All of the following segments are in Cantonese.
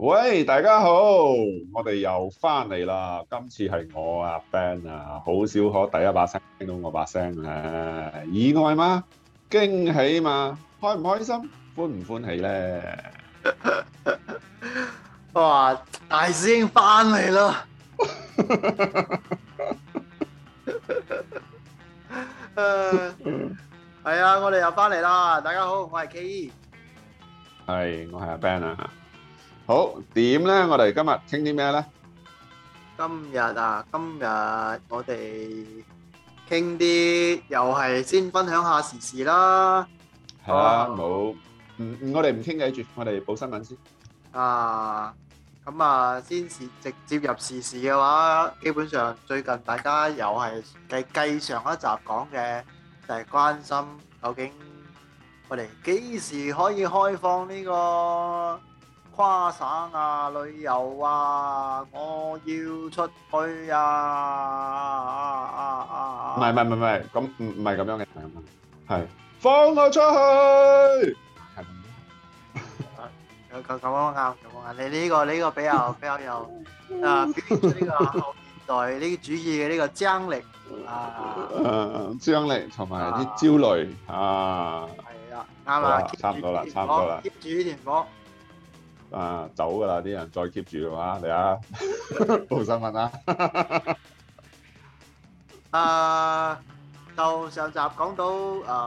喂，大家好，我哋又翻嚟啦，今次係我阿 Ben 啊，好少可第一把聲聽到我把聲啊，意外嗎？驚喜嘛？開唔開心？歡唔歡喜呢？ 哇，大師兄翻嚟咯！係 啊，啊，我哋又翻嚟啦，大家好，我係 K E，係，我係阿 Ben 啊。好，點咧？我哋今日傾啲咩咧？今日啊，今日我哋傾啲，又係先分享下時事啦。係啊，冇，唔唔，我哋唔傾偈住，我哋報新聞先。啊，咁啊，先是直接入時事嘅話，基本上最近大家又係繼繼上一集講嘅，就係關心究竟我哋幾時可以開放呢個。跨州啊，旅遊啊，我要出去啊！唔係唔係唔係，咁唔唔係咁樣嘅，係放我出去。係咁樣，又夠咁樣拗，咁啊！你呢個呢個比較比較有啊，表現出呢個後現代呢個主義嘅呢個張力啊。嗯，張力同埋啲焦慮啊。係啦，啱嘛，差唔多啦，差唔多啦，keep 住點火。啊，走噶啦！啲人再 keep 住啊嘛，嚟啊，報新聞啦！啊，就上集講到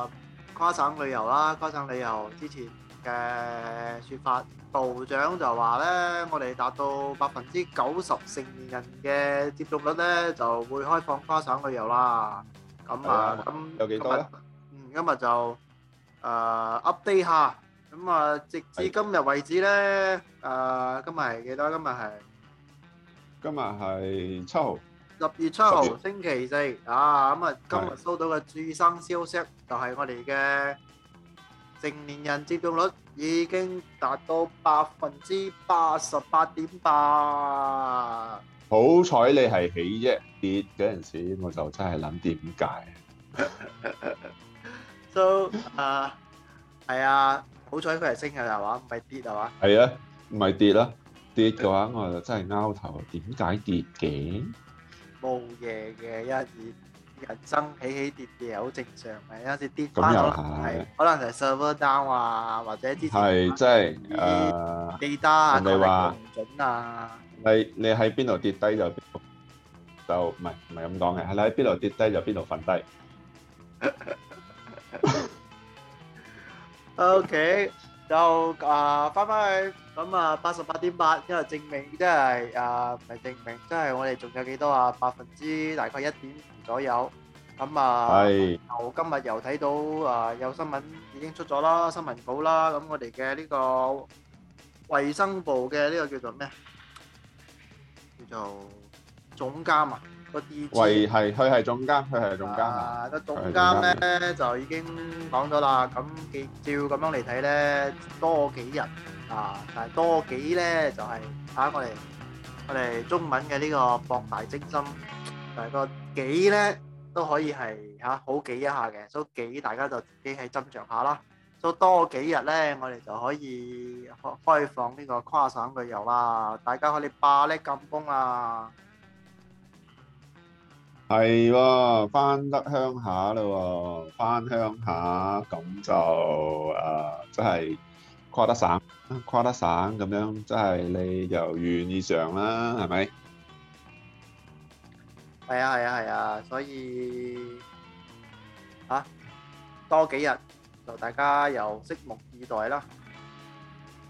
誒跨省旅遊啦，跨省旅遊之前嘅説法，部長就話咧，我哋達到百分之九十成年人嘅接種率咧，就會開放跨省旅遊啦。咁啊，咁有幾多？嗯，今日就誒 update 下。咁啊，直至今日為止咧，啊，今日係幾多？今日係今日係七號，十月七號星期四啊。咁啊，今日收到嘅最新消息就係我哋嘅成年人接種率已經達到百分之八十八點八。好彩你係起啫，跌嗰陣時我就真係諗點解。So，啊，係啊。好彩佢係升嘅係嘛，唔係跌係嘛。係啊，唔係跌啦，跌嘅話我就真係拗頭，點解跌嘅？冇嘢嘅，有時人生起起跌跌係好正常嘅，有時跌翻咗係，咁又係，可能係 server down 啊，或者之前啲係即係誒，記得人哋話唔準啊。你你喺邊度跌低就就唔係唔係咁講嘅，係你喺邊度跌低就邊度瞓低。O K，就啊，返返去。咁啊，八十八點八，因為證明，即係啊，唔係證明，即係我哋仲有幾多啊？百分之大概一點二左右。咁啊，我今日又睇到啊，有新聞已經出咗啦，新聞稿啦。咁我哋嘅呢個衞生部嘅呢個叫做咩啊？叫做總監啊！喂，係佢係總監，佢係總監。個總監咧就已經講咗啦。咁照咁樣嚟睇咧，多幾日啊！但係多幾咧就係睇我哋我哋中文嘅呢個博大精深。但係個幾咧都可以係嚇好幾一下嘅，所以幾大家就自己喺斟酌下啦。所以多幾日咧，我哋就可以開開放呢個跨省旅遊啦。大家可以霸叻咁風啊！係喎，翻得鄉下咯喎，翻鄉下咁就誒，即係跨得省，跨得省咁樣，即係你如願以償啦，係咪？係啊，係啊，係啊，所以啊，多幾日，就大家又拭目以待啦。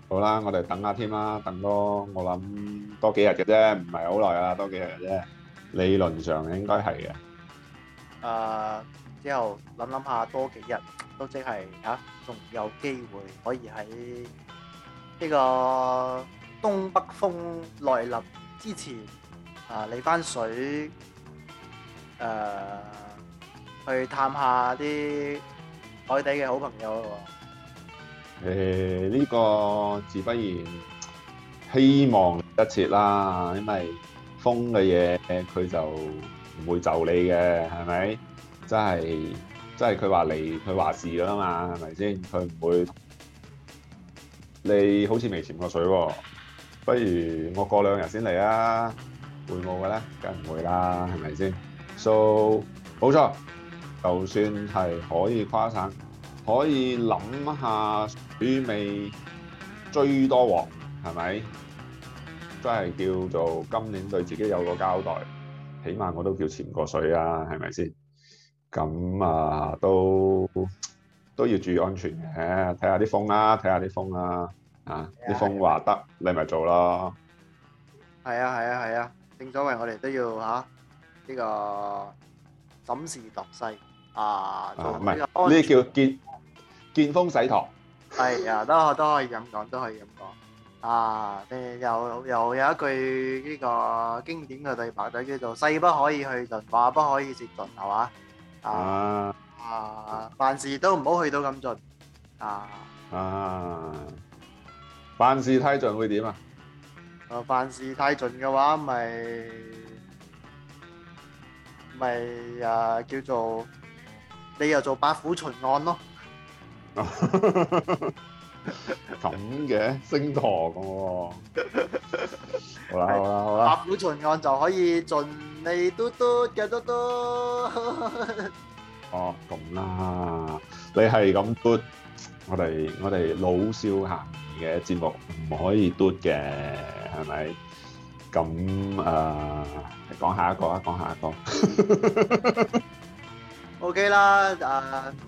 好啦，我哋等下添啦，等多我諗多幾日嘅啫，唔係好耐啊，多幾日嘅啫。理論上應該係嘅。誒，uh, 之後諗諗下多幾日，都即係吓，仲、啊、有機會可以喺呢個東北風來臨之前，誒嚟翻水，誒、啊、去探一下啲海底嘅好朋友誒、啊，呢、uh, 個自不然希望一切啦，因為。風嘅嘢，佢就唔會就你嘅，係咪？即係即係佢話嚟佢話事㗎啦嘛，係咪先？佢唔會。你好似未潛過水喎、啊，不如我過兩日先嚟啊？會冇嘅咧，梗係唔會啦，係咪先？So 冇錯，就算係可以跨省，可以諗一下水味，追多鑊，係咪？真係叫做今年對自己有個交代，起碼我都叫潛過水啊，係咪先？咁啊，都都要注意安全嘅，睇下啲風啦，睇下啲風啦，啊，啲風話得，你咪做咯。係啊，係啊，係啊，正所謂我哋都要嚇呢個審時度勢啊。唔係呢啲叫見見風使舵。係啊，都可都可以咁講，都可以咁講。啊！誒又又有一句呢個經典嘅對白就叫做勢不可以去盡，話不可以是盡，係嘛？啊啊！凡事都唔好去到咁盡啊！啊！凡事太盡會點啊？啊！凡事太盡嘅話，咪咪誒叫做你又做八虎巡案咯。咁嘅星陀嘅，好啦好啦好啦，百虎巡案就可以盡力嘟嘟嘅嘟嘟。哦，咁啦，你係咁嘟，我哋我哋老少咸宜嘅節目唔可以嘟嘅，係咪？咁誒，講下一個啦，講下一個。OK 啦，誒，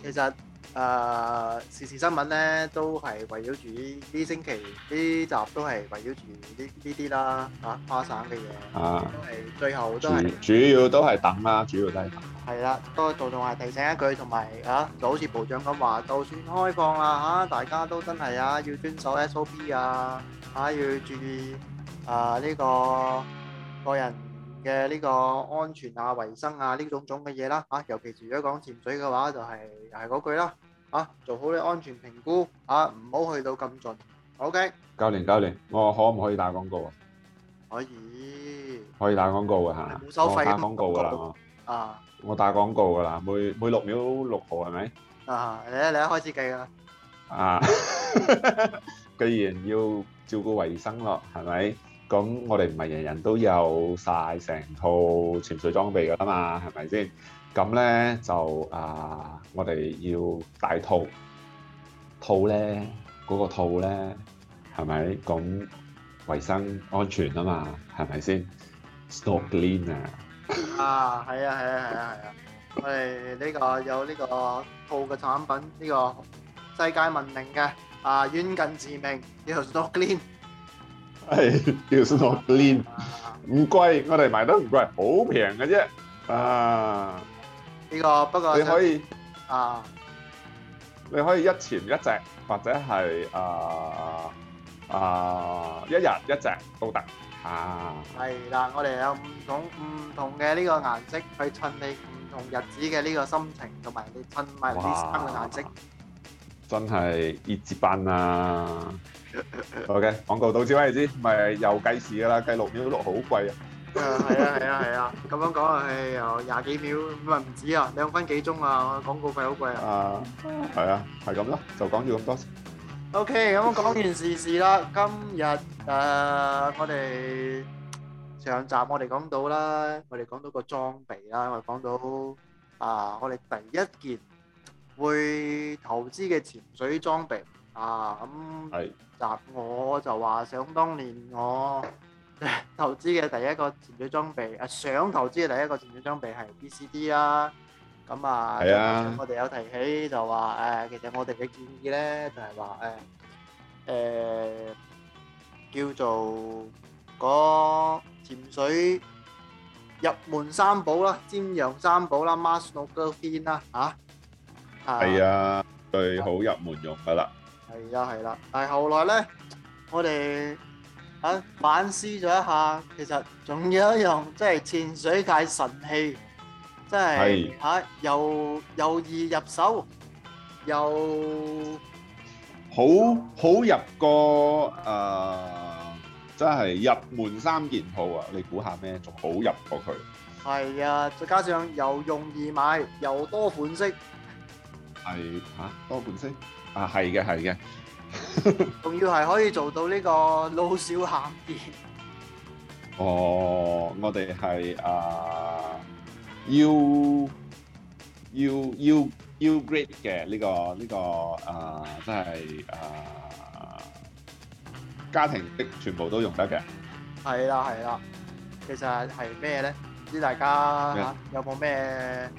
其實。誒、uh, 時事新聞咧都係圍繞住呢啲星期呢集都係圍繞住呢呢啲啦嚇跨省嘅嘢，啊啊、都係最後都係主要都係等啦，主要都係等。係啦，多杜仲係提醒一句，同埋嚇就好似部長咁話，就算開放啦嚇、啊，大家都真係啊要遵守 SOP 啊嚇、啊，要注意啊呢、這個個人嘅呢個安全啊、衞生啊呢種種嘅嘢啦嚇，尤其是如果講潛水嘅話，就係係嗰句啦。啊，做好你安全評估，啊，唔好去到咁盡。O K，教練，教練，我可唔可以打廣告啊？可以，可以打廣告噶吓，唔收費嘅廣告。啊，我打廣告噶啦，每每六秒六毫係咪？啊，你你一開始計噶。啊，既然要照顧衛生咯，係咪？咁我哋唔係人人都有晒成套潛水裝備噶啦嘛，係咪先？咁咧就啊，我哋要大套，套咧嗰個套咧係咪咁衞生安全啊嘛？係咪先？Stock clean 啊！啊，係啊，係啊，係啊，係啊！我哋呢個有呢個套嘅產品，呢個世界聞名嘅啊遠近馳名，叫 Stock clean。係，叫 Stock clean，唔貴，我哋賣得唔貴，好平嘅啫啊！呢個，不過你可以啊，你可以一前一隻，或者係啊啊一日一隻都得啊。係啦，我哋有唔同唔同嘅呢個顏色，去襯你唔同日子嘅呢個心情，同埋你襯埋嚟啲衫嘅顏色。真係熱熱班啊！OK，廣告到此為止，咪又計時㗎喇，計六秒六好貴啊！啊，係啊，係啊，係、呃、啊，咁樣講啊，又廿幾秒，咁係唔止啊，兩分幾鐘啊，廣告費好貴啊，啊，係啊，係咁啦。就講咗咁多先。O K，咁講完時事啦，今日誒，我哋上集我哋講到啦，我哋講到個裝備啦，我哋講到啊，我哋第一件會投資嘅潛水裝備啊，咁集是我就話想當年我。投資嘅第一個潛水裝備，啊想投資嘅第一個潛水裝備係 B C D 啦，咁啊，係啊，我哋有提起就話，誒，其實我哋嘅建議咧就係話，誒，誒，叫做嗰潛水入門三寶啦，尖羊三寶啦，Master Dolphin 啦，吓，係啊，最好入門用㗎啦，係啊係啦，但係後來咧，我哋，嚇反思咗一下，其實仲有一樣即係潛水界神器，即係嚇又容易入手，又好好入過啊！即係入門三件套啊！你估下咩？仲好入過佢？係啊，再加上又容易買，又多款式。係嚇多款式啊！係嘅，係嘅。仲要係可以做到呢個老少咸宜。 哦，我哋係啊，U U U U Grade 嘅呢個呢個啊，即係啊，uh, 家庭的全部都用得嘅。係啦係啦，其實係咩咧？唔知大家的、啊、有冇咩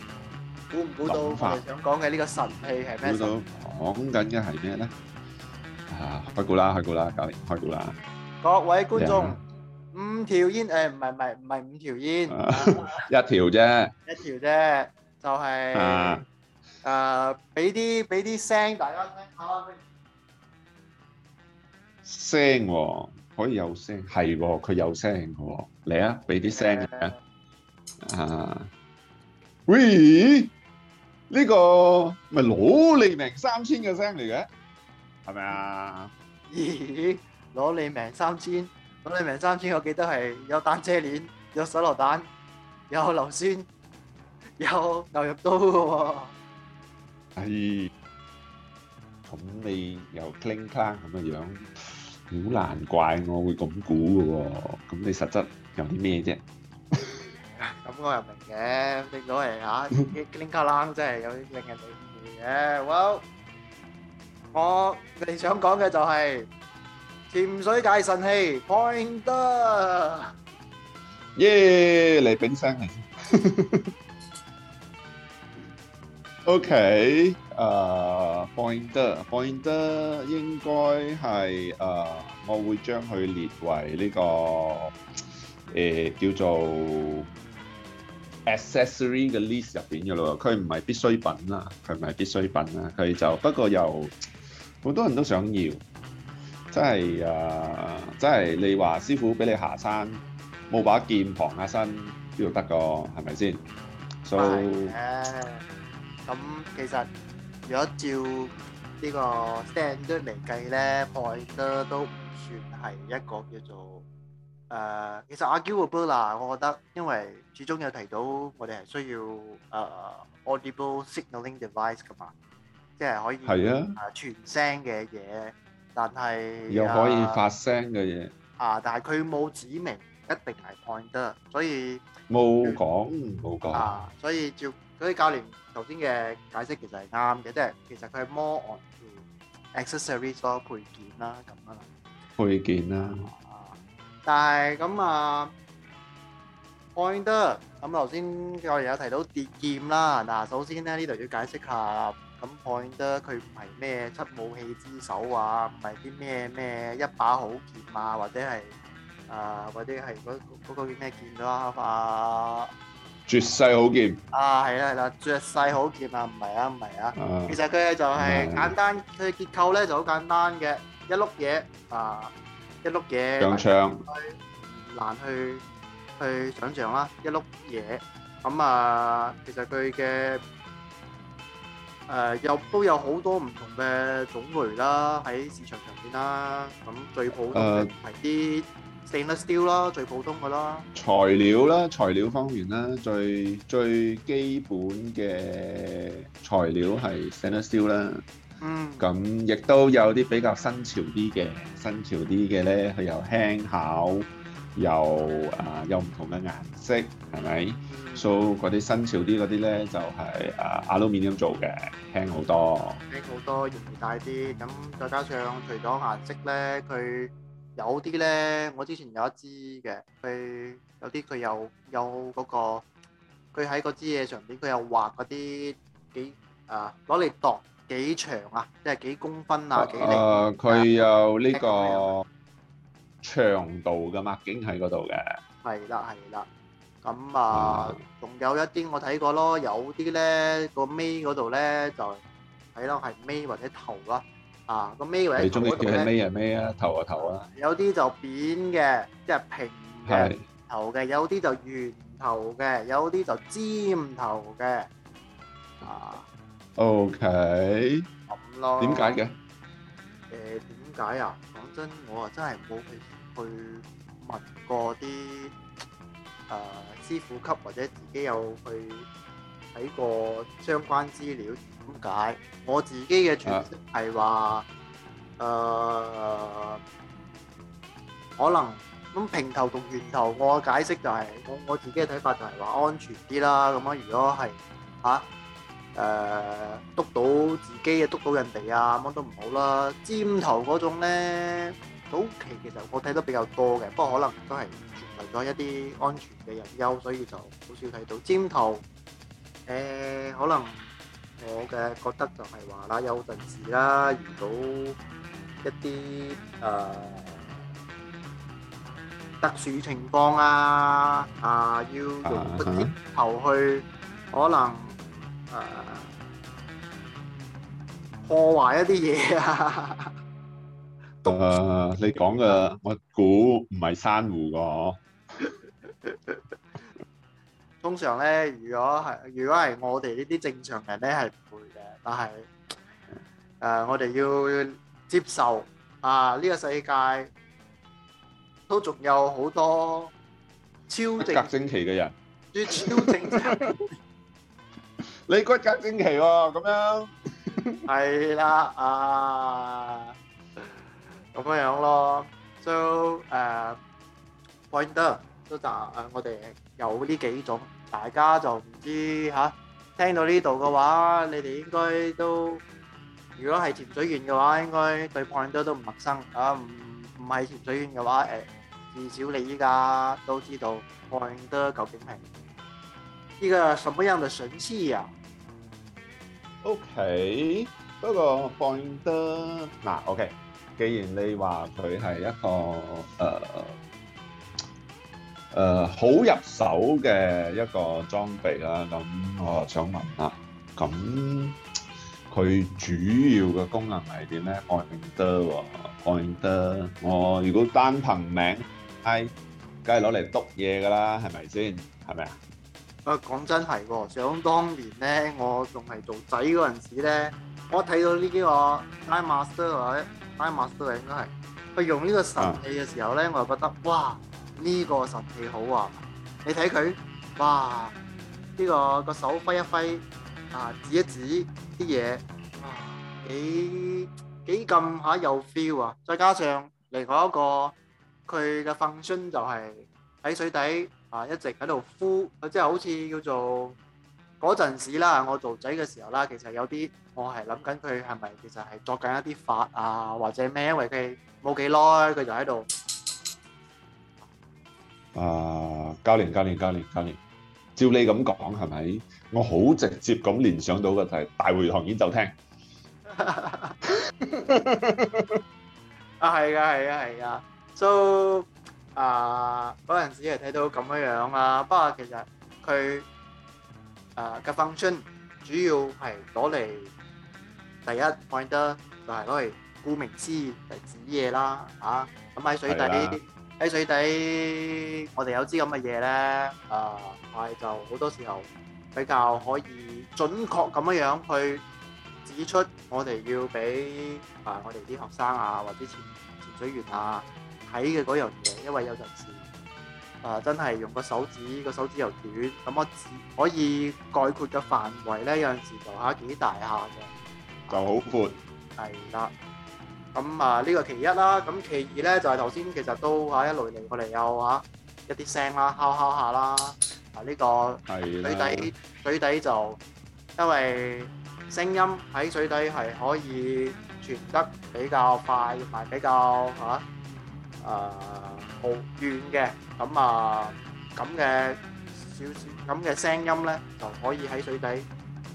估唔估到我哋想講嘅呢個神器係咩？估到講緊嘅係咩咧？開估啦，開估啦，教練開估啦！各位觀眾，五條煙誒，唔係唔係唔係五條煙，一條啫，一條啫，就係誒，俾啲俾啲聲大家聽下啦，聲可以有聲，係佢有聲嘅，嚟啊，俾啲聲啊，喂，呢個咪攞你命三千嘅聲嚟嘅。係咪啊？咦，攞你命三千，攞你命三千，我記得係有單車鏈，有手榴彈，有硫酸，有牛肉刀嘅喎。係，咁你有 cling cling 咁嘅樣，好難怪我會咁估嘅喎。咁你實質有啲咩啫？咁我又明嘅，你都係啊，cling cling 即係有啲令人哋驚嘅，好。我哋想講嘅就係潛水界神器 pointer。耶嚟丙聲嚟，OK，誒，pointer，pointer 應該係誒，我會將佢列為呢個誒叫做 accessory 嘅 list 入邊嘅咯，佢唔係必需品啦，佢唔係必需品啦，佢就不過又。好多人都想要，真係啊！真係你話師傅俾你下山，冇把劍傍下身邊度得個？係咪先？所以，咁其實如果照呢個 standard 嚟計咧，Pose 都唔算係一個叫做誒。其實阿 Gilbert 嗱，我覺得因為始終有提到我哋係需要誒 audible signalling device，嘅嘛？即係可以係啊，全聲嘅嘢，但係又可以發聲嘅嘢啊！但係佢冇指明一定係 pointer，所以冇講冇講啊！所以照嗰啲教練頭先嘅解釋其實係啱嘅，即係其實佢係 more on accessories 所有配件啦咁樣啦，配件啦。但係咁啊，pointer 咁頭先我哋有提到跌劍啦嗱，首先咧呢度要解釋下。咁 point 得佢唔係咩七武器之首啊，唔係啲咩咩一把好劍啊，或者係啊或者係嗰嗰個叫咩劍啦啊？絕世好劍啊，係啦係啦，絕世好劍啊，唔係啊唔係啊。其實佢係就係簡單，佢嘅結構咧就好簡單嘅，一碌嘢啊，一碌嘢。長槍難去去想象啦，一碌嘢咁啊，其實佢嘅。誒、uh, 有都有好多唔同嘅種類啦，喺市場上邊啦，咁最普通係啲 stainless steel 啦，最普通嘅啦。材料啦，材料方面啦，最最基本嘅材料係 stainless steel 啦。嗯。咁亦都有啲比較新潮啲嘅，新潮啲嘅咧，佢又輕巧。有啊，有唔同嘅顏色，係咪？所以嗰啲新潮啲嗰啲咧，就係啊，鋁，Aluminium 做嘅，輕好多，輕好多，型大啲。咁再加上除咗顏色咧，佢有啲咧，我之前有一支嘅，佢有啲佢有有嗰個，佢喺嗰支嘢上邊，佢又畫嗰啲幾啊，攞嚟度幾長啊，即係幾公分啊，幾釐？啊，佢有呢個。長度嘅墨鏡喺嗰度嘅，係啦係啦，咁啊，仲有一啲我睇過咯，有啲咧個尾嗰度咧就係咯，係尾或者頭咯，啊個尾或者你中意叫係尾係尾啊，頭啊頭啊，有啲就扁嘅，即係平頭嘅，有啲就圓頭嘅，有啲就尖頭嘅，啊，OK，咁咯，點解嘅？誒點解啊？講真，我啊真係冇嘅。去問過啲誒、呃、師傅級或者自己有去睇過相關資料點解，我自己嘅詮釋係話誒可能咁平頭同圓頭，我嘅解釋就係、是、我我自己嘅睇法就係話安全啲啦。咁、嗯、啊，如果係嚇誒篤到自己啊篤到人哋啊，乜都唔好啦。尖頭嗰種咧～早期其實我睇得比較多嘅，不過可能都係為咗一啲安全嘅人休，所以就好少睇到尖頭。誒、呃，可能我嘅覺得就係話啦，有陣時啦，遇到一啲誒、呃、特殊情況啊，啊、呃，要用尖頭去可能誒、呃、破壞一啲嘢啊。 誒，你講嘅我估唔係珊瑚嘅嗬。通常咧，如果係如果係我哋呢啲正常人咧，係唔會嘅。但係誒，我哋要接受啊，呢個世界都仲有好多超正。骨骼精奇嘅人，你超正奇，你骨骼精奇喎，咁樣係啦啊。咁嘅樣咯，so 誒 pointer 都就誒，我哋有呢幾種，大家就唔知吓。聽到呢度嘅話，你哋應該都，如果係潛水員嘅話，應該對 pointer 都唔陌生啊。唔唔係潛水員嘅話，誒至少你依家都知道 pointer 究竟係呢個什麼樣嘅神器啊。OK，不過 pointer 嗱 OK。既然你話佢係一個誒誒好入手嘅一個裝備啦，咁我想問下，咁佢主要嘅功能係點咧？愛明德喎，愛明德哦。如果單憑名，唉梗係攞嚟篤嘢噶啦，係咪先？係咪啊？啊，講真係喎，想當年咧，我仲係做仔嗰陣時咧，我睇到呢幾個 Iron Master 喎。拉馬斯都係，應該係佢用呢個神器嘅時候咧，我就覺得哇，呢個神器好啊！你睇佢，哇呢個個手揮一揮啊，指一指啲嘢啊，幾幾咁下有 feel 啊！再加上另外一個佢嘅 function 就係喺水底啊，一直喺度呼佢，即係好似叫做。嗰陣時啦，我做仔嘅時候啦，其實有啲我係諗緊佢係咪其實係作緊一啲法啊，或者咩？因為佢冇幾耐，佢就喺度。啊，教練教練教練教練，照你咁講係咪？我好直接咁聯想到嘅就係大會堂演奏廳。啊，係呀，係呀，係呀。So，啊，嗰陣時係睇到咁樣樣啦。不過其實佢。誒嘅 function 主要係攞嚟，第一 finder 就係攞嚟顧名思義嚟指嘢啦，嚇咁喺水底喺水底，我哋有支咁嘅嘢咧，誒係就好多時候比較可以準確咁樣樣去指出我哋要俾誒我哋啲學生啊或者潛潛水員啊睇嘅嗰樣嘢，因為有陣時。啊，真係用個手指，個手指又短，咁我只可以概括嘅範圍咧，有陣時就下、啊、幾大下嘅，就好闊。係啦、啊，咁啊呢、呢個其一啦，咁其二咧就係頭先其實都嚇、啊、一來嚟過嚟有嚇、啊、一啲聲啦，敲敲，敲下啦，啊呢、呢個的水底水底就因為聲音喺水底係可以傳得比較快，快比較嚇啊。啊好遠嘅，咁啊咁嘅少少咁嘅聲音咧，就可以喺水底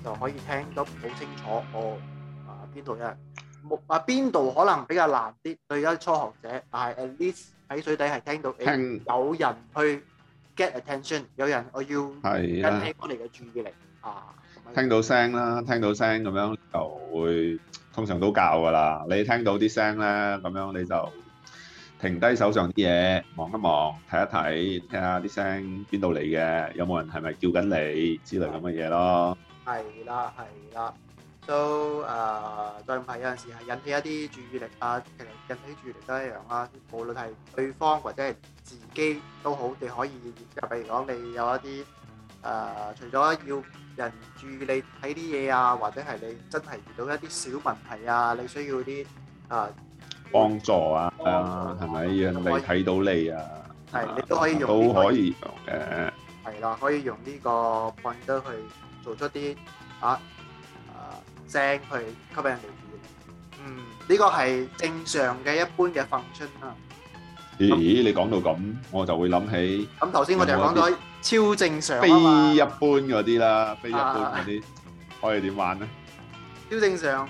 就可以聽到好清楚。哦啊邊度嘅？冇啊，邊度可能比較難啲對一初學者，但係 at least 喺水底係聽到有人去 get attention，有人我要引起我哋嘅注意力啊。聽到聲啦，聽到聲咁樣就會通常都教噶啦。你聽到啲聲咧，咁樣你就。停低手上啲嘢，望一望，睇一睇，聽下啲聲邊度嚟嘅，有冇人係咪叫緊你之類咁嘅嘢咯？係啦，係啦，都誒，再唔係有陣時係引起一啲注意力啊，其實引起注意力都一樣啦，無論係對方或者係自己都好，你可以即係譬如講你有一啲誒，除咗要人注意你睇啲嘢啊，或者係你真係遇到一啲小問題啊，你需要啲誒。幫助啊，係咪讓人哋睇到你啊？係，你都可以用，都可以用嘅。係啦，可以用呢個 point 都去做出啲啊，啊聲去吸引人哋。嗯，呢個係正常嘅一般嘅 function 啊。咦，你講到咁，我就會諗起。咁頭先我哋就講咗超正常，非一般嗰啲啦，非一般嗰啲可以點玩呢？超正常。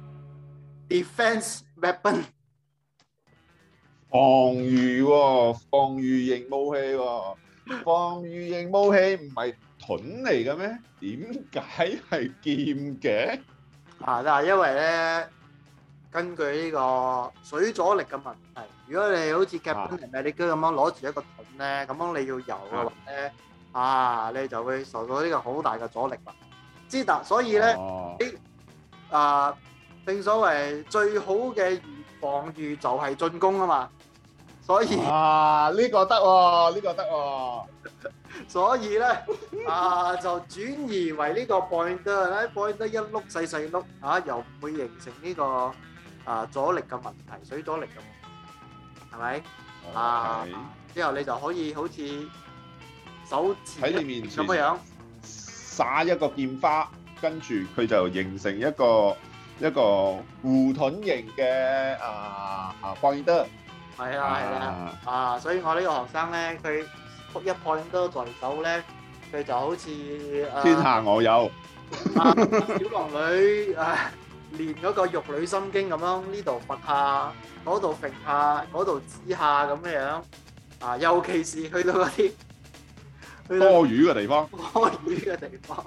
Defense weapon，防禦喎，防禦型武器喎，防禦型武器唔係盾嚟嘅咩？點解係劍嘅？啊，但係因為咧，根據呢個水阻力嘅問題，如果你好似 Captain America 咁樣攞住一個盾咧，咁樣你要游嘅話咧，啊，你就會受到呢個好大嘅阻力啦。之但所以咧，你啊。正所謂最好嘅防禦就係進攻啊嘛，所以啊呢個得喎，呢個得喎，所以咧啊就轉移為呢個 point，咧 point 得一碌細細碌嚇，又唔會形成呢個啊阻力嘅問題，水阻力嘅問題，係咪啊？之後你就可以好似手指喺你面咁樣撒一個劍花，跟住佢就形成一個。一個弧盾型嘅啊，fighter，係啊係啊，啊，所以我呢個學生咧，佢撲一 fighter 在手咧，佢就好似誒天下我有，小龍女誒練嗰個玉女心經咁樣，呢度撥下，嗰度揈下，嗰度指下咁嘅樣，啊，尤其是去到嗰啲去到多魚嘅地方，多魚嘅地方。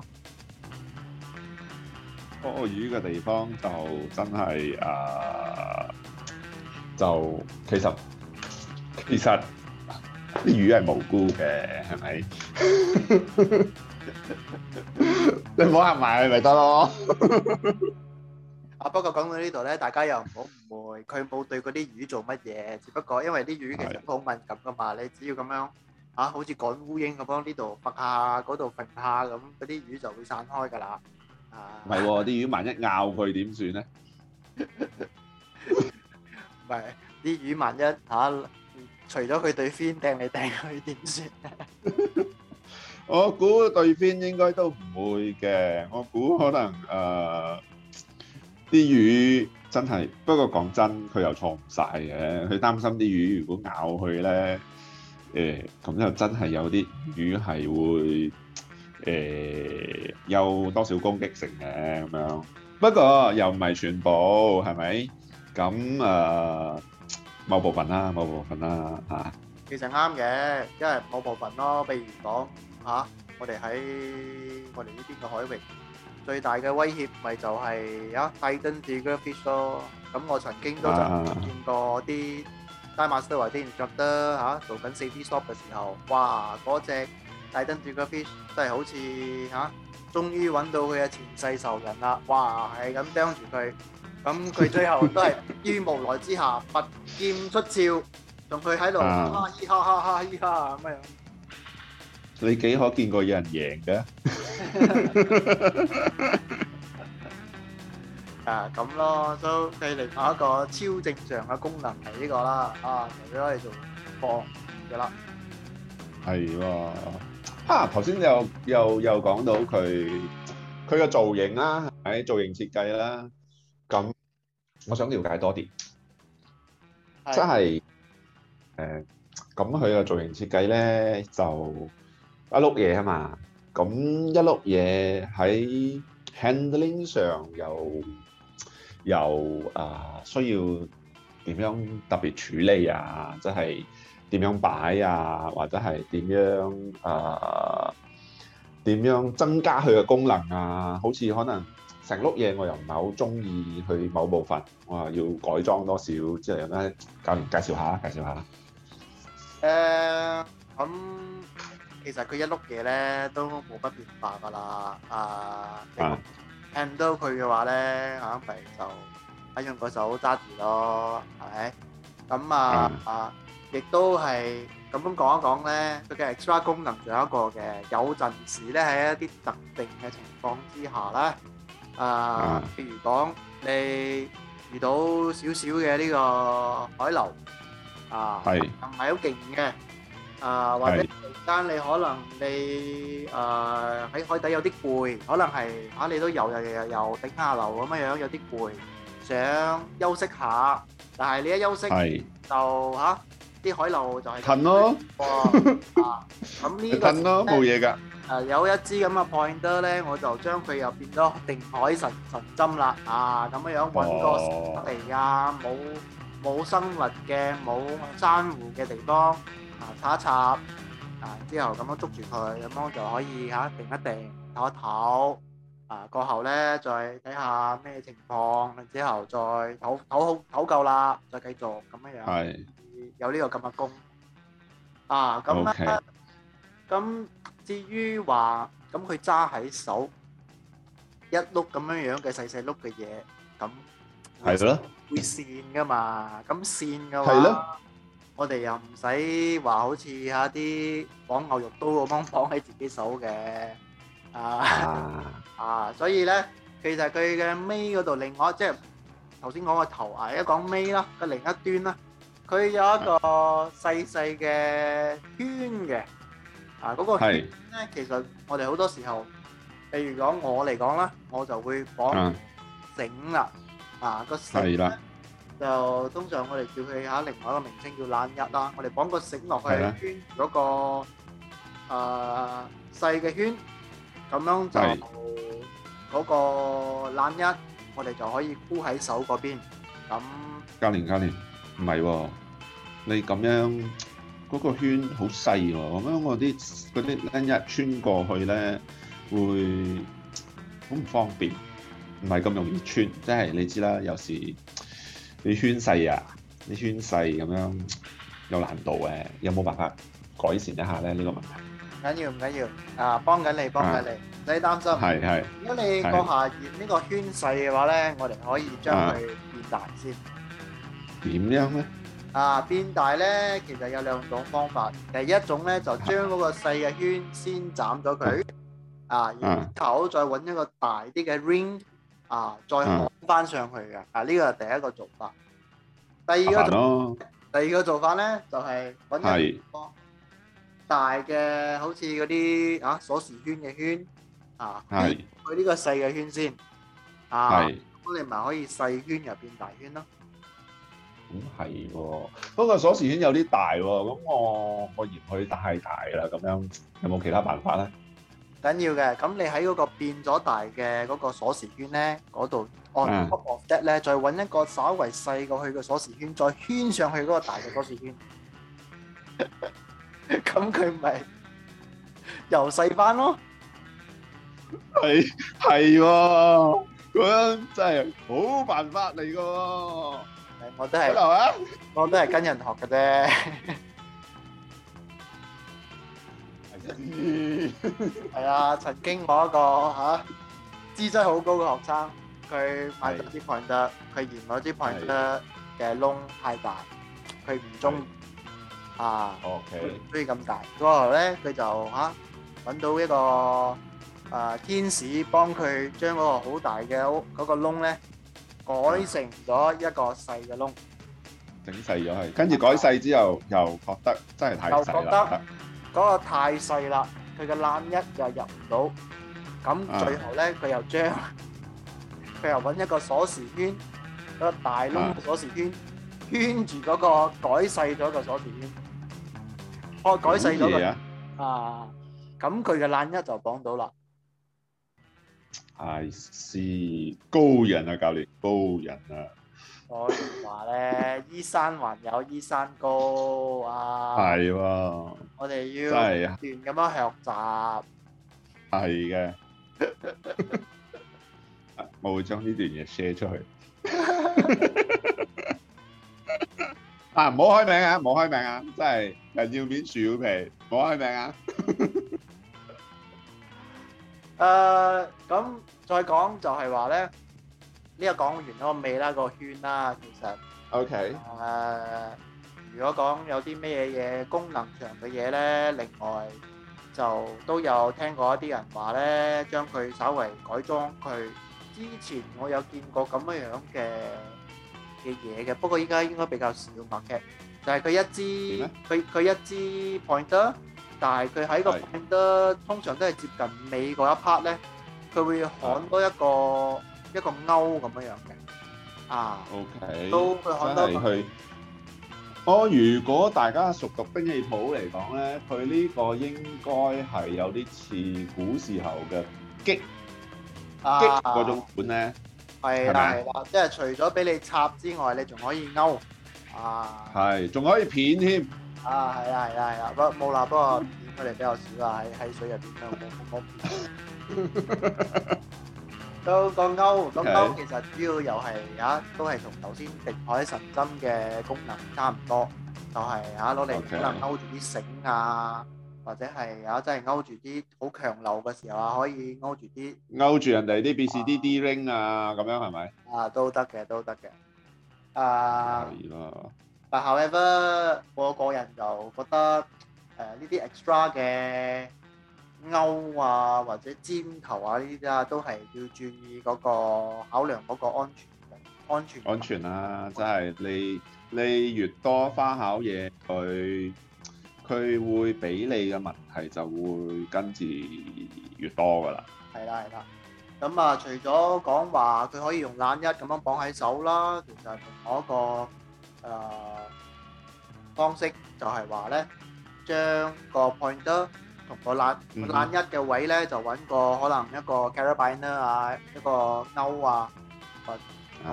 多魚嘅地方就真係誒，就其實其實啲魚係無辜嘅，係咪？你唔好嚇埋佢咪得咯。啊，不過講到呢度咧，大家又唔好誤會，佢冇對嗰啲魚做乜嘢，只不過因為啲魚其實好敏感噶嘛，你只要咁樣啊，好似趕烏蠅咁，幫呢度揈下，嗰度揈下，咁嗰啲魚就會散開噶啦。唔係喎，啲魚萬一咬佢點算咧？唔係啲魚萬一嚇，除咗佢對 fins 掟嚟掟去點算咧？我估對 fins 應該都唔會嘅，我估可能誒啲魚真係。不過講真，佢又錯唔晒嘅。佢擔心啲魚如果咬佢咧，誒咁又真係有啲魚係會。誒，有多少攻擊性嘅咁樣？不過又唔係全部，係咪？咁啊，某部分啦，某部分啦，吓。其實啱嘅，因為某部分咯，譬如講吓，我哋喺我哋呢邊嘅海域，最大嘅威脅咪就係啊，Titan trigger fish 嗰啲咯。咁我曾經都就見過啲 divemaster 或者 instructor 吓，做緊 safety stop 嘅時候，哇，嗰隻。睇跟住個 fish 真係好似吓，終於揾到佢嘅前世仇人啦！哇，係咁掟住佢，咁佢最後都係於無奈之下拔劍出鞘，同佢喺度哈哈哈哈哈！咁樣，你幾可見過有人贏嘅？啊，咁咯，都佢另外一個超正常嘅功能係呢個啦，啊，俾我哋做課嘅啦，係咯。啊，頭先又又又講到佢佢個造型啦，喺造型設計啦。咁我想了解多啲，即係誒咁佢個造型設計咧，就一碌嘢啊嘛。咁一碌嘢喺 handling 上又又啊，需要點樣特別處理啊？即係。點樣擺啊，或者係點樣啊？點樣增加佢嘅功能啊？好似可能成碌嘢，我又唔係好中意佢某部分，我話要改裝多少之類嘅咧，教唔介紹下啊？介紹下。誒，咁其實佢一碌嘢咧都冇乜變化噶啦。啊，handle 佢嘅話咧，啊，費就喺用個手揸住咯，係咪？咁啊。亦都係咁樣講一講咧，佢嘅 extra 功能仲有一個嘅，有陣時咧喺一啲特定嘅情況之下咧，啊，譬如講你遇到少少嘅呢個海流啊，唔係好勁嘅，啊，或者間你可能你啊喺海底有啲攰，可能係吓你都游游游頂下流咁樣樣，有啲攰，想休息下，但係你一休息就吓。啲海流就係近咯，哇！咁呢個近咯，冇嘢噶。誒有一支咁嘅 pointer 咧，我就將佢又變咗定海神神針啦。啊咁樣樣揾個地啊，冇冇生物嘅冇珊瑚嘅地方啊，插一插啊，之後咁樣捉住佢，咁樣就可以嚇定一定，唞一唞。啊過後咧，再睇下咩情況，之後再唞唞好唞夠啦，再繼續咁樣樣。有呢個咁嘅功啊，咁咧，咁至於話咁佢揸喺手一碌咁樣樣嘅細細碌嘅嘢，咁係咯，會線噶嘛，咁線嘅話，我哋又唔使話好似吓啲綁牛肉刀咁樣綁喺自己手嘅啊啊，所以咧，其實佢嘅尾嗰度，另外一即係頭先講個頭啊，一講尾啦，個另一端啦。佢有一個細細嘅圈嘅，啊嗰個圈咧，其實我哋好多時候，譬如講我嚟講啦，我就會綁繩啦，啊個繩咧就通常我哋叫佢嚇另外一個名稱叫懶鈿啦，我哋綁個繩落去圈嗰個誒細嘅圈，咁樣就嗰個懶鈿我哋就可以箍喺手嗰邊，咁加練加練。唔係喎，你咁樣嗰個圈好細喎，咁樣我啲嗰啲一穿過去咧，會好唔方便，唔係咁容易穿，即係你知啦。有時你圈細啊，你圈細咁樣有難度嘅，有冇辦法改善一下咧？呢個問題唔緊要，唔緊要，啊，幫緊你，幫緊你，唔使擔心，係係。如果你個下邊呢個圈細嘅話咧，係係我哋可以將佢變大先。啊點樣咧？啊，變大咧，其實有兩種方法。第一種咧，就將嗰個細嘅圈先斬咗佢，啊，然後再搵一個大啲嘅 ring，啊，再放翻上去嘅。啊，呢個係第一個做法。第二個，第二個做法咧就係搵個大嘅，好似嗰啲啊鎖匙圈嘅圈，啊，去呢個細嘅圈先，啊，咁你咪可以細圈入變大圈咯。咁係喎，不過鎖匙圈有啲大喎，咁我我嫌佢太大啦，咁樣有冇其他辦法咧？緊要嘅，咁你喺嗰個變咗大嘅嗰個鎖匙圈咧，嗰度按 object 咧，再揾一個稍為細過佢嘅鎖匙圈，再圈上去嗰個大嘅鎖匙圈，咁佢咪又細翻咯？係係喎，咁真係好辦法嚟嘅喎。我都係，我都係跟人學嘅啫。得 係、 那個、 啊！曾經我一個嚇資質好高嘅學生，佢買咗支 pointer，佢嫌嗰支 pointer 嘅窿太大，佢唔中啊，唔中咁大。嗰後咧，佢就嚇揾到一個誒、呃、天使幫佢將嗰個好大嘅嗰、那個窿咧。改成咗一個細嘅窿，整細咗係。跟住改細之後，又覺得真係太細啦。覺得嗰個太細啦，佢嘅攔一就入唔到。咁最後咧，佢又將佢又揾一個鎖匙圈，嗰個大窿鎖匙圈，圈住嗰個改細咗嘅鎖匙圈。哦，改細咗個啊，咁佢嘅攔一就綁到啦。係師高人啊，教練高人啊！我話咧，依山還有依山高啊！係，我哋要真係啊，不斷咁樣學習。係嘅，我會將呢段嘢 share 出去。啊，唔好開名啊，唔好開名啊！真係人要面樹要皮，唔好開名啊！誒咁再講就係話咧，呢個講完嗰個尾啦，個圈啦，其實，OK，誒，如果講有啲咩嘢嘢功能強嘅嘢咧，另外就都有聽過一啲人話咧，將佢稍微改裝佢。之前我有見過咁樣樣嘅嘅嘢嘅，不過依家應該比較少買嘅，就係佢一支佢佢一支 pointer。但係佢喺個，通常都係接近尾嗰一 part 咧，佢會焊多一個一個勾咁樣樣嘅，啊，OK，都去焊多。真係去，哦！如果大家熟讀兵器譜嚟講咧，佢呢個應該係有啲似古時候嘅戟，戟嗰種款咧，係啦係啦，即係除咗俾你插之外，你仲可以勾，啊，係，仲可以片添。啊，係啊，係啊，係啊，不過冇啦，不過佢哋比較少啊，喺喺水入邊咧冇冇。到鋼勾，咁勾其實主要又係啊，都係同頭先定海神針嘅功能差唔多，就係啊攞嚟可能勾住啲繩啊，或者係啊即係勾住啲好強流嘅時候啊，可以勾住啲。勾住人哋啲 BCD 啲 D ring 啊，咁樣係咪？啊，都得嘅，都得嘅。啊。可以啦。但係，however，我個人就覺得誒呢啲 extra 嘅鈎啊，或者尖頭啊呢啲啊，都係要注意嗰個考量嗰個安全嘅安全。安全啦，真係你你越多花巧嘢，佢佢會俾你嘅問題就會跟住越多噶啦。係啦係啦，咁啊，除咗講話佢可以用攬一咁樣綁喺手啦，其實同一個。誒方式就係話咧，將個 pointer 同個攤攤一嘅位咧，就搵個可能一個 carabiner 啊，一個勾啊，或者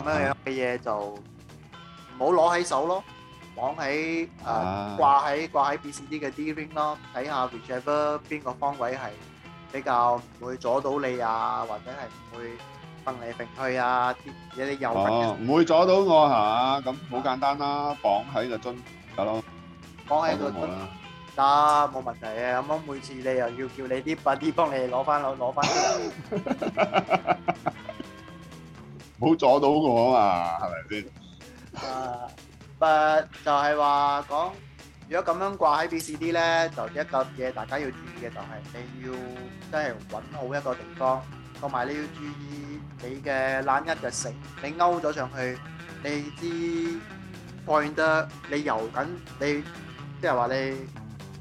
咁樣嘅嘢就唔好攞喺手咯，綁喺誒掛喺掛喺 B C D 嘅 D-ring 咯，睇下 whichever 邊個方位係比較唔會阻到你啊，或者係唔會。幫你平推啊！啲你啲油品哦，唔會阻到我吓，咁好簡單啦，綁喺個樽得咯。綁喺個樽得，冇問題呀。咁啊，每次你又要叫你啲 buddy 幫你攞翻攞攞翻，唔好阻到我呀，係咪先？啊，不就係話講，如果咁樣掛喺 B C D 呢，就一個嘢，大家要注意嘅就係你要即係搵好一個地方。同埋你要注意你嘅欄一嘅繩，你勾咗上去，你支 pointer 你游緊，你即係話你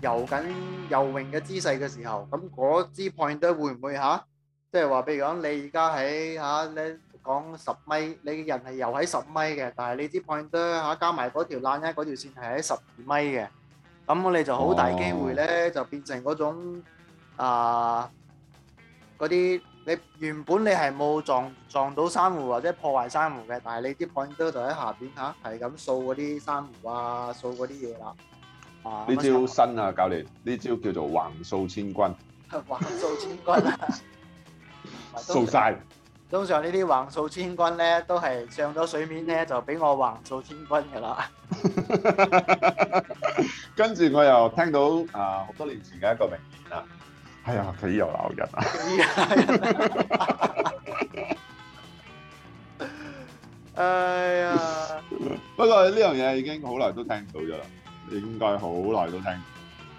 游緊游泳嘅姿勢嘅時候，咁嗰支 pointer 會唔會吓？即係話，譬如講你而家喺吓，你講十米，你嘅人係游喺十米嘅，但係你支 pointer 吓加埋嗰條欄一嗰條線係喺十二米嘅，咁你就好大機會咧，就變成嗰種啊嗰啲。你原本你係冇撞撞到珊瑚或者破壞珊瑚嘅，但係你啲 pointer 就喺下邊吓，係咁掃嗰啲珊瑚啊，掃嗰啲嘢啦。啊！呢招新啊，教練，呢招叫做橫掃千軍。橫掃千軍啊！掃晒。通常呢啲橫掃千軍咧，都係上咗水面咧，就俾我橫掃千軍噶啦。哈哈哈！哈哈！哈哈！跟住我又聽到啊，好多年前嘅一個名言啦。哎呀，佢又鬧人啊！哎呀，不過呢樣嘢已經好耐都聽到咗啦，應該好耐都聽，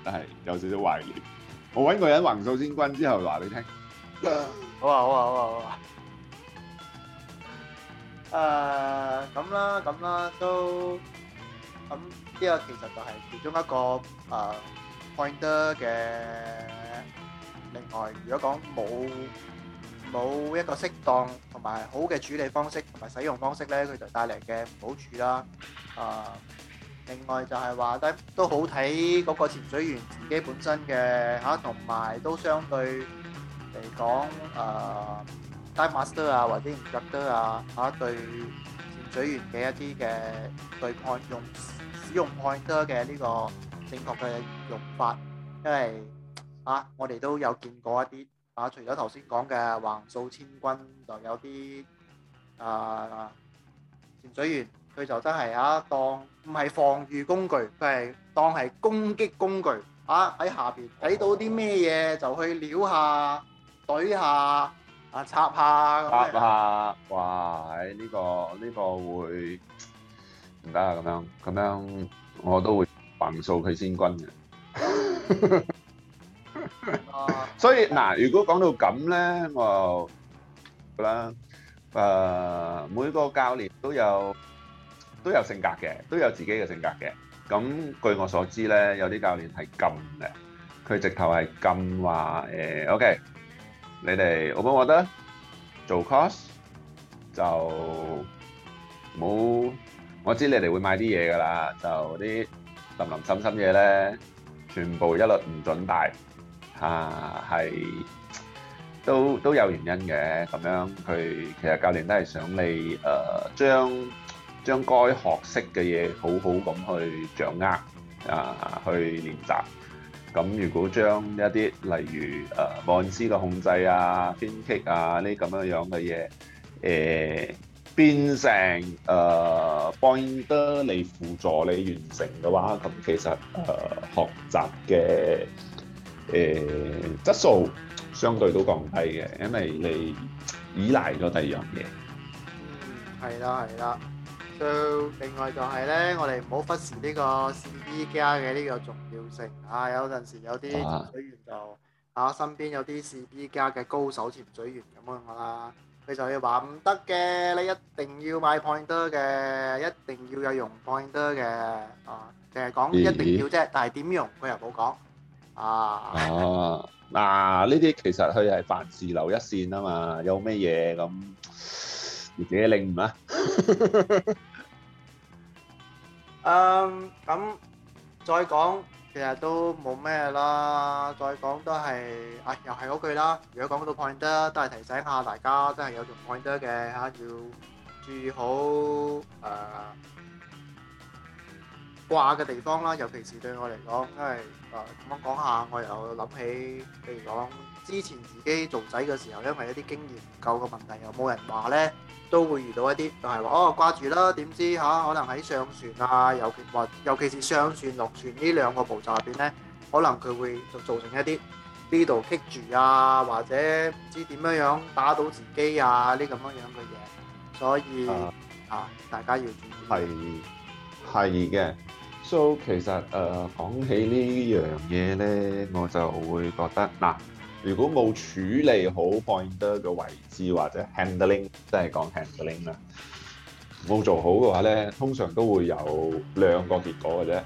但係有少少懷念。我搵個人橫掃千軍之後話你聽，好啊好啊好啊好啊。誒，咁啦咁啦都，咁呢個其實就係其中一個誒 point 嘅。另外，如果講冇冇一個適當同埋好嘅處理方式同埋使用方式咧，佢就帶嚟嘅唔好處啦。啊，另外就係話咧，都好睇嗰個潛水員自己本身嘅嚇，同、啊、埋都相對嚟講啊，dive master 啊或者 instructor 啊嚇、啊，對潛水員嘅一啲嘅對 point 用使用 point 嘅呢個正確嘅用法，因為啊！我哋都有見過一啲啊，除咗頭先講嘅橫掃千軍，就有啲啊潛水員，佢就真係啊，當唔係防禦工具，佢係當係攻擊工具啊！喺下邊睇到啲咩嘢就去撩下、懟下、啊插下咁樣。插下哇！喺呢個呢個會唔得啊？咁樣咁樣，我都會橫掃佢先軍嘅。所以嗱，如果講到咁咧，我又啦，誒，每個教練都有都有性格嘅，都有自己嘅性格嘅。咁據我所知咧，有啲教練係禁嘅，佢直頭係禁話，誒，OK，你哋我唔覺得做 course 就冇。我知你哋會買啲嘢噶啦，就啲林林森森嘢咧，全部一律唔准帶。啊，係都都有原因嘅。咁樣佢其實教練都係想你，誒，將將該學識嘅嘢好好咁去掌握啊，去練習。咁如果將一啲例如誒，按姿嘅控制啊、偏踢啊呢咁樣樣嘅嘢，誒變成誒 pointer 嚟輔助你完成嘅話，咁其實誒學習嘅。誒，質素相對都降低嘅，因為你依賴咗第二樣嘢。嗯，係啦係啦。就另外就係咧，我哋唔好忽視呢個 C B 加嘅呢個重要性啊！有陣時有啲潛水員就啊，身邊有啲 C B 加嘅高手潛水員咁樣啦，佢就要話唔得嘅，你一定要買 pointer 嘅，一定要有用 pointer 嘅啊，淨係講一定要啫，但係點用佢又冇講。啊！哦，嗱，呢啲其實佢係凡事留一線啊嘛，有咩嘢咁你自己領悟啦。嗯，咁再講其實都冇咩啦，再講都係啊，又係嗰句啦。如果講到 point 得，都係提醒下大家，真係有條 point 得嘅嚇，要注意好啊。掛嘅地方啦，尤其是對我嚟講，因為誒咁樣講下，我又諗起，譬如講之前自己做仔嘅時候，因為一啲經驗唔夠嘅問題，又冇人話咧，都會遇到一啲就係話哦掛住啦，點知吓、啊、可能喺上船啊，尤其或、啊、尤其是上船落船呢兩個步驟入邊咧，可能佢會就造成一啲呢度棘住啊，或者唔知點樣樣打到自己啊，呢咁樣樣嘅嘢，所以的啊大家要注意。係係嘅。所以其實誒講起呢樣嘢咧，我就會覺得嗱，如果冇處理好 pointer 嘅位置或者 handling，即係講 handling 啦，冇做好嘅話咧，通常都會有兩個結果嘅啫。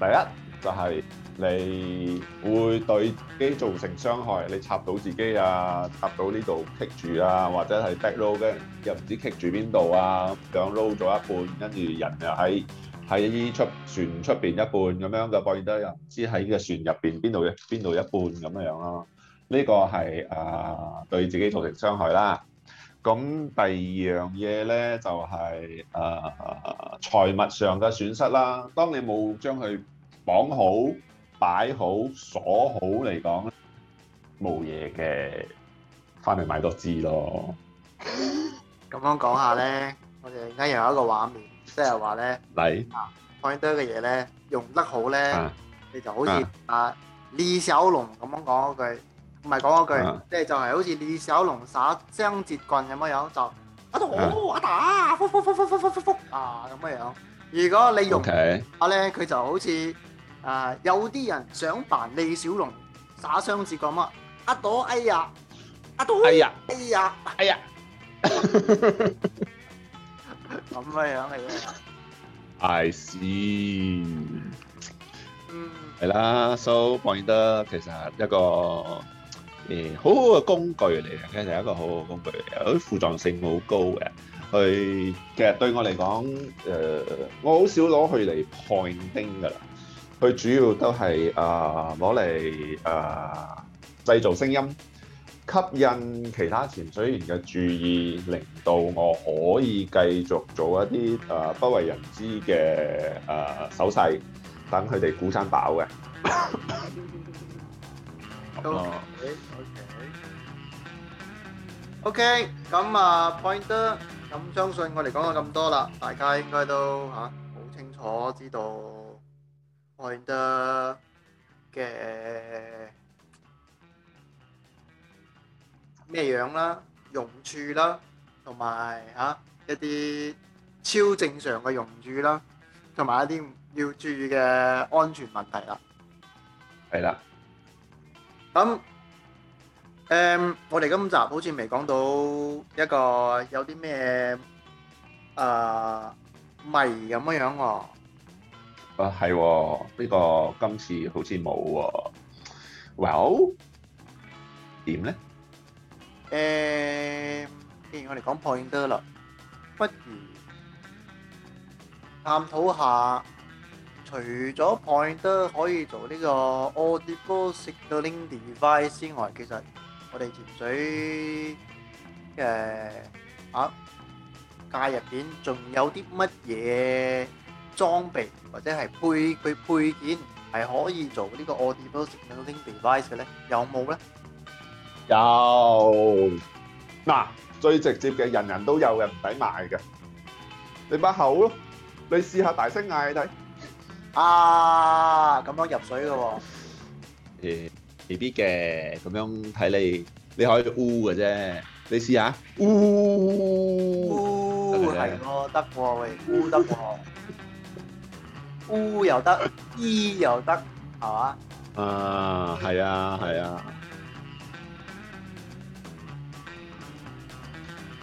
第一就係你會對自己造成傷害，你插到自己啊，插到呢度棘住啊，或者係跌落嘅又唔知棘住邊度啊，咁樣撈咗一半，跟住人又喺。喺呢出船出邊一半咁樣嘅，當然都又唔知喺個船入邊邊度邊度一半咁樣樣咯。呢、這個係啊、呃、對自己造成傷害啦。咁、嗯、第二樣嘢咧就係啊財物上嘅損失啦。當你冇將佢綁好、擺好、鎖好嚟講，冇嘢嘅，翻嚟買多支咯。咁樣講下咧，我哋而家又有一個畫面，即係話咧，啊，放得多嘅嘢咧，用得好咧，你就好似啊李小龍咁樣講嗰句，唔係講嗰句，即係就係好似李小龍耍雙截棍咁樣樣，就阿朵，阿打，復復復復復復復復啊咁樣樣。如果你用，啊咧，佢就好似啊有啲人想扮李小龍耍雙截棍咁啊，阿朵哎呀，阿朵哎呀，哎呀，哎呀。咁嘅樣嚟嘅，I see，嗯，係啦，so point 得其實一個誒好好嘅工具嚟嘅，其實一個好好工具嚟嘅，有啲附著性好高嘅，佢其實對我嚟講，誒我好少攞佢嚟 pointing 噶啦，佢主要都係啊攞嚟啊製造聲音。吸引其他潛水員嘅注意，令到我可以繼續做一啲誒不為人知嘅誒手勢，等佢哋估餐飽嘅。OK，咁啊，Pointer，咁相信我哋講咗咁多啦，大家應該都嚇好清楚知道 Pointer 嘅。咩樣啦、用處啦，同埋嚇一啲超正常嘅用處啦，同埋一啲要注意嘅安全問題啦。係啦。咁誒，我哋今集好似未講到一個有啲咩誒迷咁樣喎。啊，係喎，呢個今次好似冇喎。Well，點咧？誒，既然我哋講 pointer 啦，不如探討下，除咗 pointer 可以做呢個 audio signalling device 之外，其實我哋潛水嘅啊 gear 入邊仲有啲乜嘢裝備或者係配佢配件係可以做呢個 audio signalling device 嘅咧？有冇咧？有嗱，最直接嘅，人人都有嘅，唔使買嘅。你把口咯，你試下大聲嗌睇。啊，咁樣入水嘅喎。誒，B B 嘅，咁樣睇你，你可以嗚嘅啫。你試下嗚，係咯，得喎，喂，嗚得喎，嗚又得，咿又得，係嘛？啊，係啊，係啊。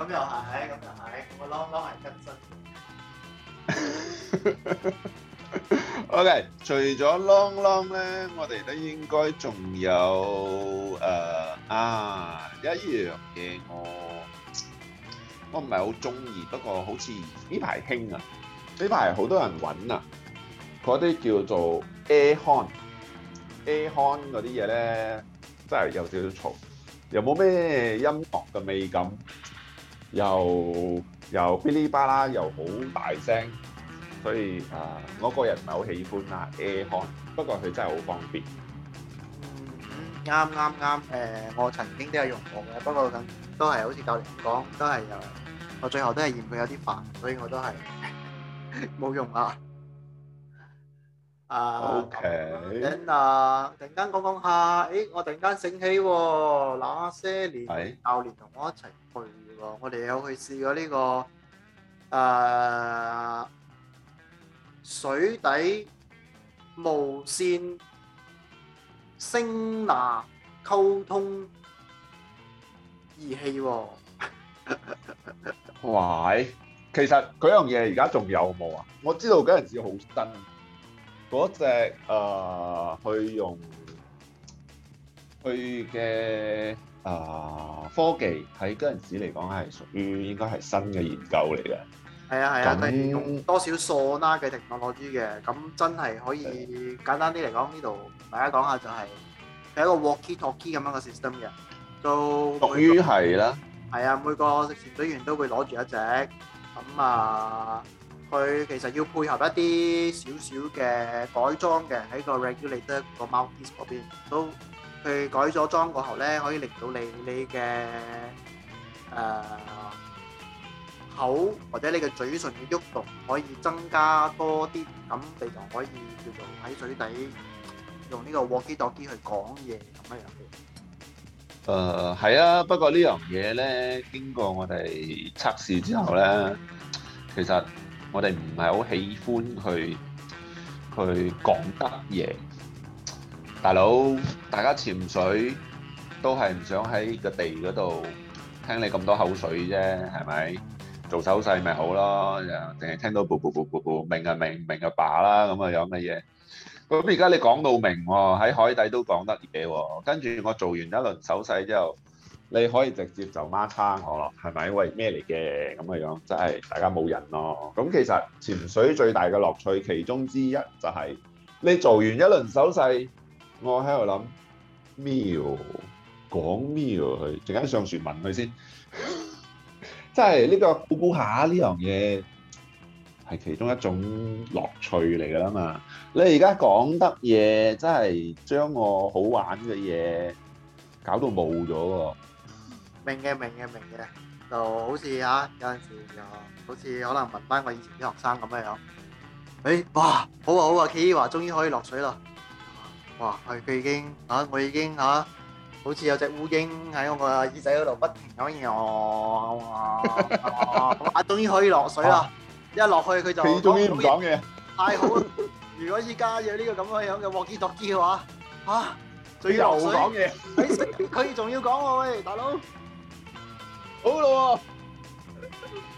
咁又係，咁又係。個啷啷係吉真。O K，除咗啷啷咧，我哋都應該仲有誒啊一樣嘢，我我唔係好中意，不過好似呢排興啊，呢排好多人揾啊，嗰啲叫做 Air Horn Air Horn 嗰啲嘢咧，真係有少少嘈，又冇咩音樂嘅味道。又又噼哩啪啦，又好大聲，所以啊，我個人唔係好喜歡啦，Aircon，不過佢真係好方便。嗯，啱啱啱誒，我曾經都有用過嘅，不過咁都係好似教練咁講，都係有我最後都係嫌佢有啲煩，所以我都係冇用啦。啊，O K，咁啊，突然間講講下，誒，我突然間醒起喎，那些年教練同我一齊去。我哋有去試過呢個誒水底無線聲納溝通儀器喎。喂，其實嗰樣嘢而家仲有冇啊？我知道嗰陣時好新，嗰隻誒去用去嘅。啊！科技喺嗰陣時嚟講係屬於應該係新嘅研究嚟嘅，係啊係啊，用多少數啦嘅情況攞住嘅，咁真係可以簡單啲嚟講，呢度大家講下就係係一個 walkie talkie 咁樣嘅 system 嘅，都屬於係啦，係啊，每個潛水員都會攞住一隻，咁啊，佢其實要配合一啲少少嘅改裝嘅喺個 regulator 個 mouthpiece 嗰邊都。佢改咗裝過後咧，可以令到你你嘅誒口或者你嘅嘴唇嘅喐動可以增加多啲，咁你就可以叫做喺水底用呢個沃基朵基去講嘢咁樣嘅。誒係啊，不過呢樣嘢咧，經過我哋測試之後咧，其實我哋唔係好喜歡去去講得嘢。大佬，大家潛水都係唔想喺個地嗰度聽你咁多口水啫，係咪？做手勢咪好咯，淨係聽到噗噗噗噗噗，明啊明明啊罷啦咁啊有乜嘢？咁而家你講到明喎，喺海底都講得嘢喎。跟住我做完一輪手勢之後，你可以直接就孖撐我咯，係咪？喂，咩嚟嘅咁嘅樣？即係大家冇人咯。咁其實潛水最大嘅樂趣其中之一就係你做完一輪手勢。我喺度諗，咩？講咩？佢，陣間上船問佢先，真係呢個估估下呢樣嘢，係其中一種樂趣嚟㗎喇嘛。你而家講得嘢，真係將我好玩嘅嘢搞到冇咗喎。明嘅，明嘅，明嘅，就好似呀有陣時，就好似可能問返我以前啲學生咁嘅樣。誒，哇，好啊，好啊，Kia 終於可以落水啦！哇！佢佢已經吓，我已經吓，好似有隻烏蠅喺我個耳仔嗰度不停咁搖，咁啊終於可以落水啦！一落去佢就佢終於唔講嘢，太好啦！如果依家有呢個咁樣樣嘅獲機奪機嘅話，吓最後講嘢，佢仲要講喎喂，大佬，好啦喎，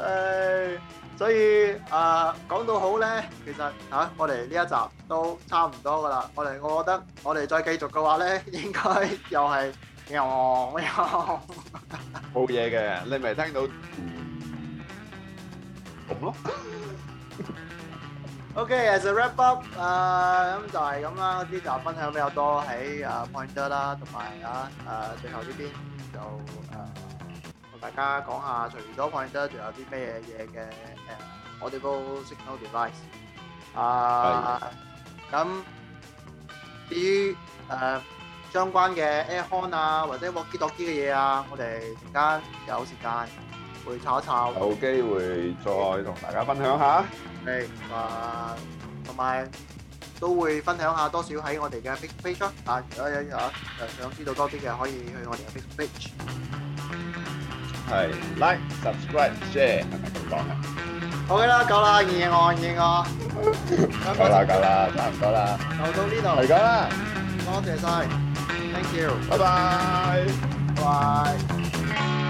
誒。所以啊，講到好咧，其實嚇，我哋呢一集都差唔多㗎喇。我哋我覺得，我哋再繼續嘅話咧，應該又係又冇嘢嘅。你咪聽到？咁囉。OK，as a wrap up，啊咁就係咁啦。呢集分享比較多喺啊 Pointer 啦，同埋啊啊最後呢邊就啊。大家講下，除咗款機，仲有啲咩嘢嘢嘅？誒，我哋部 Signal Device 啊，咁至於誒相關嘅 air horn 啊，或者 work it do it 嘅嘢啊，我哋陣間有時間會查一查。有機會再同大家分享下。係，同埋都會分享下多少喺我哋嘅 Facebook page 啊！如果有想知道多啲嘅，可以去我哋嘅 Facebook page。係，like，subscribe，share，係咪咁講啊？OK 啦，夠啦，熱愛，熱愛。夠啦，夠啦，差唔多啦。就到呢度。嚟㗎啦。多謝晒，Thank you。拜拜。拜。